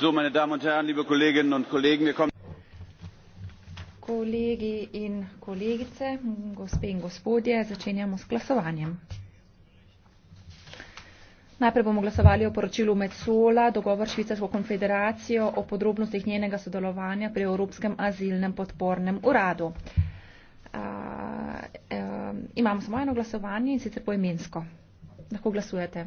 So, meine Damen und Herren, liebe Kolleginnen und Kollegen, wir kommen. Kolegi in kolegice, gospe in gospodje, začenjamo s glasovanjem. Najprej bomo glasovali o poročilu Metsola, dogovor Švicarsko konfederacijo o podrobnostih njenega sodelovanja pri Evropskem azilnem podpornem uradu. Uh, um, imamo samo eno glasovanje in sicer poimensko. Lahko glasujete.